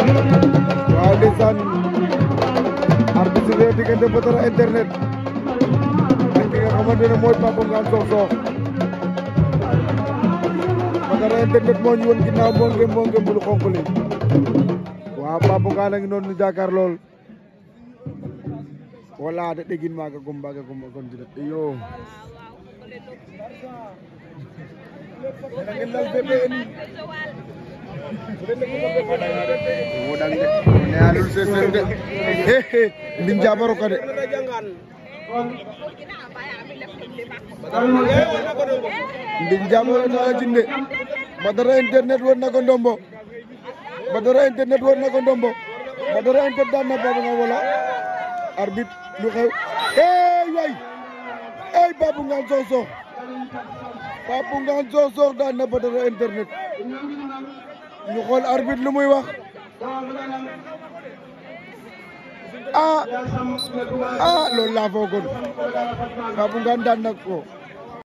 waaw ndeysaan arbitre bi diggante internet ak ki nga xamante Papa internet moo ñu woon ginnaaw moo ngëm moo ngëm bul xonk li waaw Papa Ngane a ngi noonu ñu jàkkaar lool wala da ɗegin maga gum gum iyo lalbe ɓe en dang de ne alul seeseer de hehe mbin jabaro ka de mbin jabaro tala jinde badara internet won na ko ndombo badara internet won na ko ndombo badara internet daan na baba nga wala arbitre lu xew ey eh, way ey eh, babu ngaan soosoox babu ngaan soosoox daan na badara internet ñu xool arbitre lu muy wax A, ah, a, ah, lola vogon Kabungan dandak po